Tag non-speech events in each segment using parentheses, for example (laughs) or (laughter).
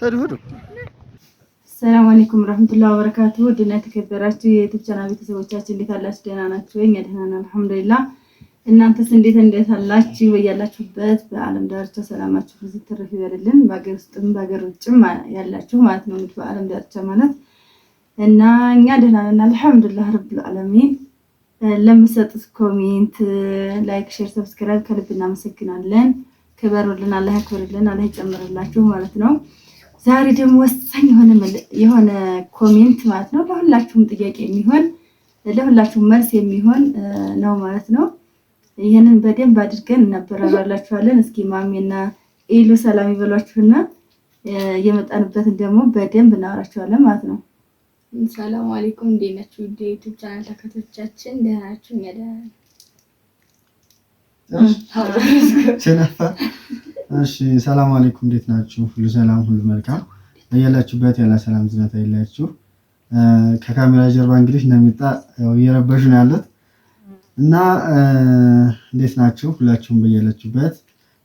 ሂዱ ሂዱ። ሰላም አለይኩም ረህመቱላሂ ወበረካቱ። ድና የተከበራችሁ የዩቲዩብ ቻናል ቤተሰቦቻችን እንዴት አላችሁ? ደህና ናችሁ ወይ? እኛ ደህና ነን አልሐምዱሊላህ። እናንተስ እንዴት እንዴት አላችሁ? በያላችሁበት በዓለም ዳርቻ ሰላማችሁ ብዙ ትርፍ ይበልልን። በአገር ውስጥም በሀገር ውጭም ያላችሁ ማለት ነው እንግዲህ በዓለም ዳርቻ ማለት እና እኛ ደህና ነን አልሐምዱሊላህ ረብል ዓለሚን። ለምትሰጡት ኮሜንት፣ ላይክ፣ ሼር፣ ሰብስክራይብ ከልብ እናመሰግናለን። ክበሩልን፣ አላህ ያክብርልን፣ አላህ ይጨምርላችሁ ማለት ነው። ዛሬ ደግሞ ወሳኝ የሆነ ኮሜንት ማለት ነው ለሁላችሁም ጥያቄ የሚሆን ለሁላችሁም መልስ የሚሆን ነው ማለት ነው። ይህንን በደንብ አድርገን እናበራራላችኋለን። እስኪ ማሜና ኢሉ ሰላም ይበሏችሁና የመጣንበትን ደግሞ በደንብ እናወራችኋለን ማለት ነው። ሰላም አለይኩም፣ እንዴት ናችሁ? ዩቱብ ቻናል ተከታታዮቻችን ደህና ናችሁ? ሲነፋ እሺ፣ ሰላም አለይኩም። እንዴት ናችሁ? ሁሉ ሰላም፣ ሁሉ መልካም እያላችሁበት ያለ ሰላም ዝናታ ይላችሁ። ከካሜራ ጀርባ እንግዲህ እንደሚጣ እየረበሹ ነው ያሉት እና እንዴት ናችሁ? ሁላችሁም በያላችሁበት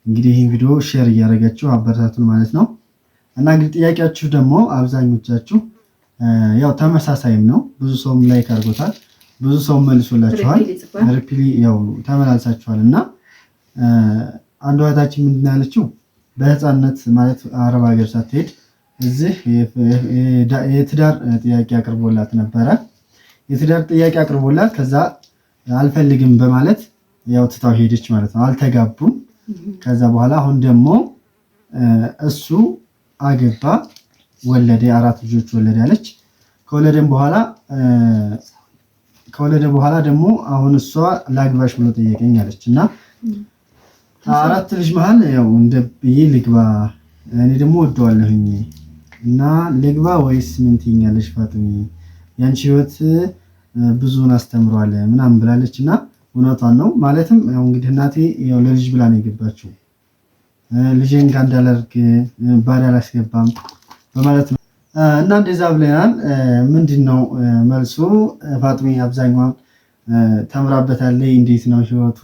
እንግዲህ ይህ ቪዲዮ ሼር እያደረጋችሁ አበረታቱን ማለት ነው። እና እንግዲህ ጥያቄያችሁ ደግሞ አብዛኞቻችሁ ያው ተመሳሳይም ነው፣ ብዙ ሰውም ላይክ አድርጎታል። ብዙ ሰው መልሶላችኋል። ሪፕሊ ያው ተመላልሳችኋል እና አንዱ እህታችን ምንድን ያለችው በህፃንነት ማለት አረብ ሀገር ሳትሄድ እዚህ የትዳር ጥያቄ አቅርቦላት ነበረ። የትዳር ጥያቄ አቅርቦላት ከዛ አልፈልግም በማለት ያው ትታው ሄደች ማለት ነው። አልተጋቡም። ከዛ በኋላ አሁን ደግሞ እሱ አገባ፣ ወለደ፣ አራት ልጆች ወለደ ያለች ከወለደም በኋላ ከወለደ በኋላ ደግሞ አሁን እሷ ላግባሽ ብሎ ጠየቀኝ አለች እና አራት ልጅ መሀል ያው እንደ ብዬ ልግባ እኔ ደግሞ ወደዋለሁኝ እና ልግባ ወይስ ምን ትይኛለሽ ፋጡሚ ያንቺ ህይወት ብዙውን አስተምሯል ምናምን ብላለች እና እውነቷን ነው ማለትም ያው እንግዲህ እናቴ ያው ለልጅ ብላ ነው የገባችው ልጄን ጋር እንዳላርግ ባሪያ አላስገባም በማለት ነው እና እንደዛ ብለናል። ምንድን ነው መልሱ? ፋጥሜ አብዛኛውን ተምራበታለች። እንዴት ነው ህይወቱ?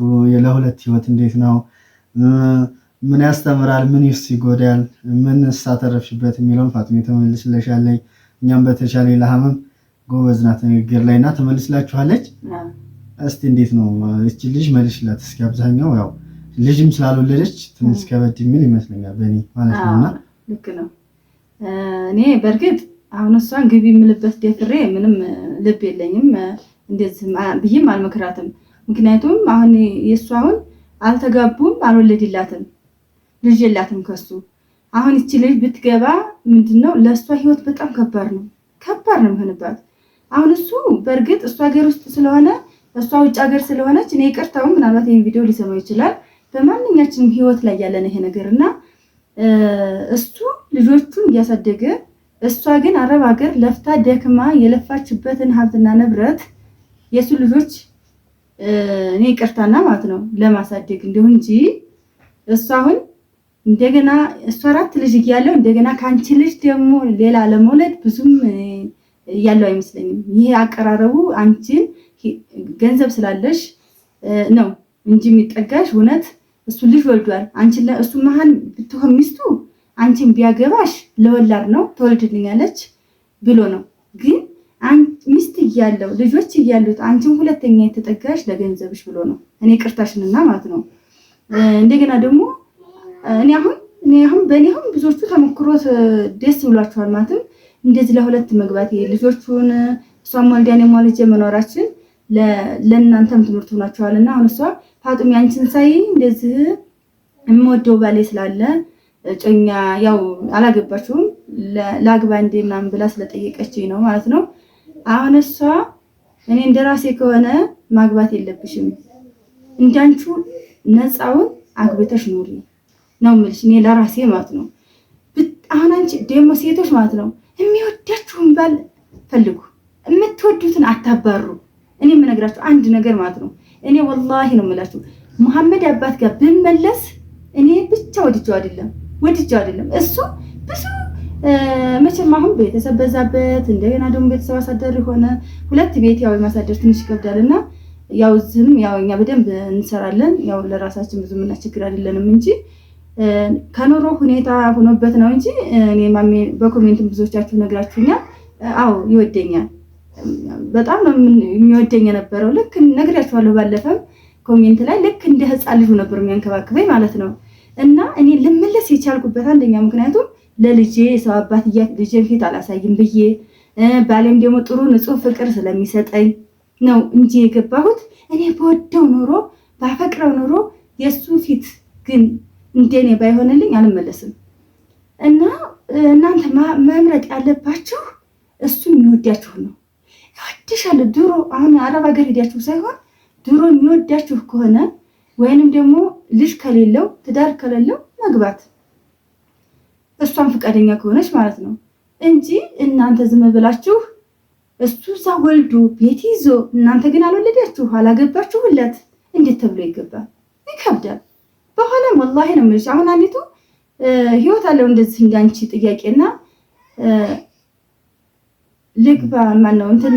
ለሁለት ህይወት እንዴት ነው? ምን ያስተምራል? ምን ይስ ይጎዳል? ምን ሳተረፍሽበት የሚለውን ፋጥሜ ተመልስለሻለች። እኛም በተቻለ ለሀመም ጎበዝ ናት ንግግር ላይ እና ተመልስላችኋለች። እስቲ እንዴት ነው እቺ ልጅ መልሽላት እስኪ። አብዛኛው ያው ልጅም ስላልወለደች ትንሽ ከበድ የሚል ይመስለኛል በእኔ ማለት ነው እና እኔ በእርግጥ አሁን እሷን ግቢ የምልበት ደፍሬ ምንም ልብ የለኝም እንደዚህ ብዬም አልመክራትም። ምክንያቱም አሁን የእሱ አሁን አልተጋቡም፣ አልወለድላትም፣ ልጅ የላትም ከሱ። አሁን ይቺ ልጅ ብትገባ ምንድነው ለእሷ ህይወት በጣም ከባድ ነው፣ ከባድ ነው የሚሆንባት። አሁን እሱ በእርግጥ እሱ ሀገር ውስጥ ስለሆነ እሷ ውጭ ሀገር ስለሆነች እኔ ይቅርታውን ምናልባት ይህ ቪዲዮ ሊሰማው ይችላል። በማንኛችንም ህይወት ላይ ያለን ይሄ ነገር እና እሱ ልጆቹን እያሳደገ እሷ ግን አረብ ሀገር ለፍታ ደክማ የለፋችበትን ሀብትና ንብረት የእሱ ልጆች እኔ ቅርታና ማለት ነው ለማሳደግ እንዲሁ እንጂ እሱ አሁን እንደገና እሱ አራት ልጅ እያለው እንደገና ከአንቺ ልጅ ደግሞ ሌላ ለመውለድ ብዙም ያለው አይመስለኝም። ይሄ አቀራረቡ አንቺን ገንዘብ ስላለሽ ነው እንጂ የሚጠጋሽ እውነት እሱ ልጅ ወልዷል። አንቺ እሱ መሀል ብትሆን ሚስቱ አንቺን ቢያገባሽ ለወላድ ነው ተወልድልኛለች ብሎ ነው። ግን ሚስት እያለው ልጆች እያሉት አንቺን ሁለተኛ የተጠጋሽ ለገንዘብሽ ብሎ ነው። እኔ ቅርታሽንና ማለት ነው። እንደገና ደግሞ እኔ አሁን እኔ አሁን በእኔ አሁን ብዙዎቹ ተሞክሮ ደስ ብሏቸዋል። ማለትም እንደዚህ ለሁለት መግባት ልጆቹን እሷም ወልዳ እኔም መኖራችን ለእናንተም ትምህርት ሆናቸዋል። እና አሁን እሷ ፋጡም ያንቺን ሳይ እንደዚህ የምወደው ባሌ ስላለ እጮኛ ያው አላገባችሁም ለአግባ እንዴ ምናምን ብላ ስለጠየቀችኝ ነው ማለት ነው። አሁን እሷ እኔ እንደራሴ ከሆነ ማግባት የለብሽም እንዳንቹ ነፃውን አግብተሽ ኑሪ ነው የምልሽ እኔ ለራሴ ማለት ነው። አሁን አንቺ ደግሞ ሴቶች ማለት ነው የሚወዳችሁን ባል ፈልጉ፣ የምትወዱትን አታባሩ። እኔ የምነግራችሁ አንድ ነገር ማለት ነው እኔ ወላሂ ነው የምላችሁ መሐመድ አባት ጋር ብንመለስ እኔ ብቻ ወድጄው አይደለም ወድጄ አይደለም። እሱ ብዙ መቼም አሁን ቤተሰብ በዛበት፣ እንደገና ደግሞ ቤተሰብ አሳደር የሆነ ሁለት ቤት ያው የማሳደር ትንሽ ይከብዳል እና ያው ዝም ያው እኛ በደንብ እንሰራለን። ያው ለራሳችን ብዙ ምናስቸግር አይደለንም እንጂ ከኑሮ ሁኔታ ሆኖበት ነው እንጂ እኔ ማሜ በኮሜንትም ብዙዎቻችሁ ነግራችሁኛል። አዎ ይወደኛል፣ በጣም ነው የሚወደኝ የነበረው። ልክ ነግሪያችኋለሁ፣ ባለፈም ኮሜንት ላይ ልክ እንደ ህፃን ልጁ ነበር የሚያንከባክበኝ ማለት ነው። እና እኔ ልመለስ የቻልኩበት አንደኛ ምክንያቱም ለልጄ የሰው አባት ልጄን ፊት አላሳይም ብዬ ባሌም ደግሞ ጥሩ ንጹህ ፍቅር ስለሚሰጠኝ ነው እንጂ የገባሁት። እኔ በወደው ኑሮ ባፈቅረው ኑሮ የእሱ ፊት ግን እንደኔ ባይሆንልኝ አልመለስም። እና እናንተ መምረጥ ያለባችሁ እሱ የሚወዳችሁ ነው። ይወድሻል ድሮ አሁን አረብ ሀገር ሄዳችሁ ሳይሆን ድሮ የሚወዳችሁ ከሆነ ወይንም ደግሞ ልጅ ከሌለው ትዳር ከሌለው መግባት እሷም ፈቃደኛ ከሆነች ማለት ነው እንጂ እናንተ ዝም ብላችሁ እሱ እዛ ወልዶ ቤት ይዞ እናንተ ግን አልወለዳችሁ አላገባችሁለት እንዴት ተብሎ ይገባል? ይከብዳል። በኋላም ወላሂ ነው የምልሽ። አሁን አንዲቱ ህይወት አለው እንደዚህ እንዳንቺ ጥያቄና ልግባ ማነው እንትን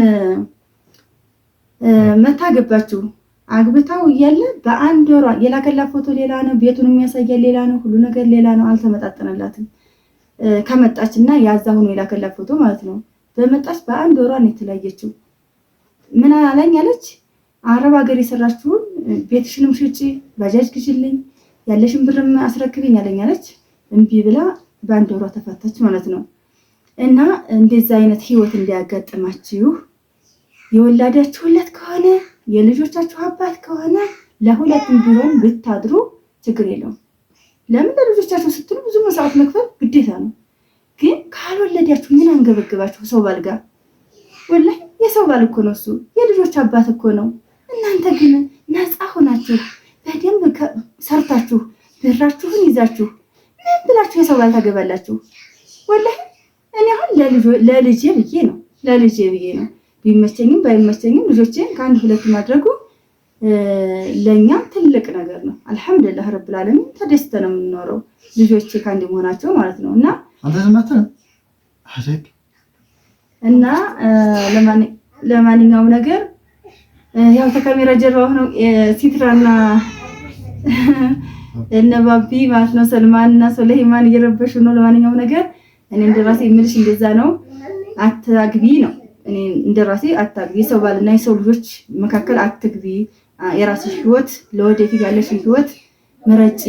መታገባችሁ አግብታው እያለ በአንድ ወሯ የላከላት ፎቶ ሌላ ነው፣ ቤቱን የሚያሳያል ሌላ ነው፣ ሁሉ ነገር ሌላ ነው። አልተመጣጠነላትም። ከመጣች እና ያዛ ሆኖ የላከላት ፎቶ ማለት ነው። በመጣች በአንድ ወሯ ነው የተለያየችው። ምን አላኝ አለች፣ አረብ ሀገር የሰራችውን ቤትሽንም ሽጪ፣ ባጃጅ ግዢልኝ፣ ያለሽን ብርም አስረክብኝ አለኝ አለች። እምቢ ብላ በአንድ ወሯ ተፈታች ማለት ነው። እና እንደዚህ አይነት ህይወት እንዳያጋጥማችሁ የወላዳችሁለት ከሆነ የልጆቻችሁ አባት ከሆነ ለሁለቱም ቢሆን ብታድሩ ችግር የለውም። ለምን ለልጆቻችሁ ስትሉ ብዙ መስዋዕት መክፈል ግዴታ ነው። ግን ካልወለዳችሁ ምን አንገበግባችሁ ሰው ባል ጋር ወላሂ፣ የሰው ባል እኮ ነው እሱ፣ የልጆች አባት እኮ ነው። እናንተ ግን ነፃ ሆናችሁ በደንብ ሰርታችሁ ብራችሁን ይዛችሁ ምን ብላችሁ የሰው ባል ታገባላችሁ? ወላሂ እኔ አሁን ለልጄ ብዬ ነው ለልጄ ብዬ ነው ቢመቸኝም ባይመቸኝም ልጆቼን ከአንድ ሁለት ማድረጉ ለእኛ ትልቅ ነገር ነው። አልሐምዱላህ ረብ ልዓለሚን ተደስተ ነው የምንኖረው ልጆቼ ከአንድ መሆናቸው ማለት ነው እና እና ለማንኛውም ነገር ያው ተካሜራ ጀርባ ሆነው ሲትራና (laughs) እነባቢ ማለት ነው ሰልማን እና ሶለይማን እየረበሹ ነው። ለማንኛውም ነገር እኔ እንደራሴ የምልሽ እንደዛ ነው። አታግቢ ነው እኔ እንደራሴ አታግቢ፣ የሰው ባልና የሰው ልጆች መካከል አትግቢ፣ የራስሽ ህይወት ለወደፊት ያለሽ ህይወት ምረጪ፣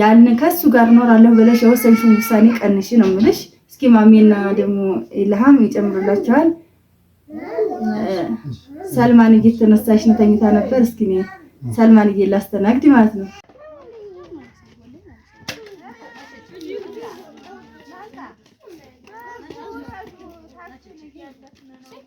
ያን ከሱ ጋር እኖራለሁ ብለሽ የወሰንሽውን ውሳኔ ቀንሽ ነው የምልሽ። እስኪ ማሜና ደግሞ ኢልሃም ይጨምሩላችኋል። ሰልማን እየተነሳሽ ነው ተኝታ ነበር። እስኪ ሰልማን እየላስተናግድ ማለት ነው። Çek.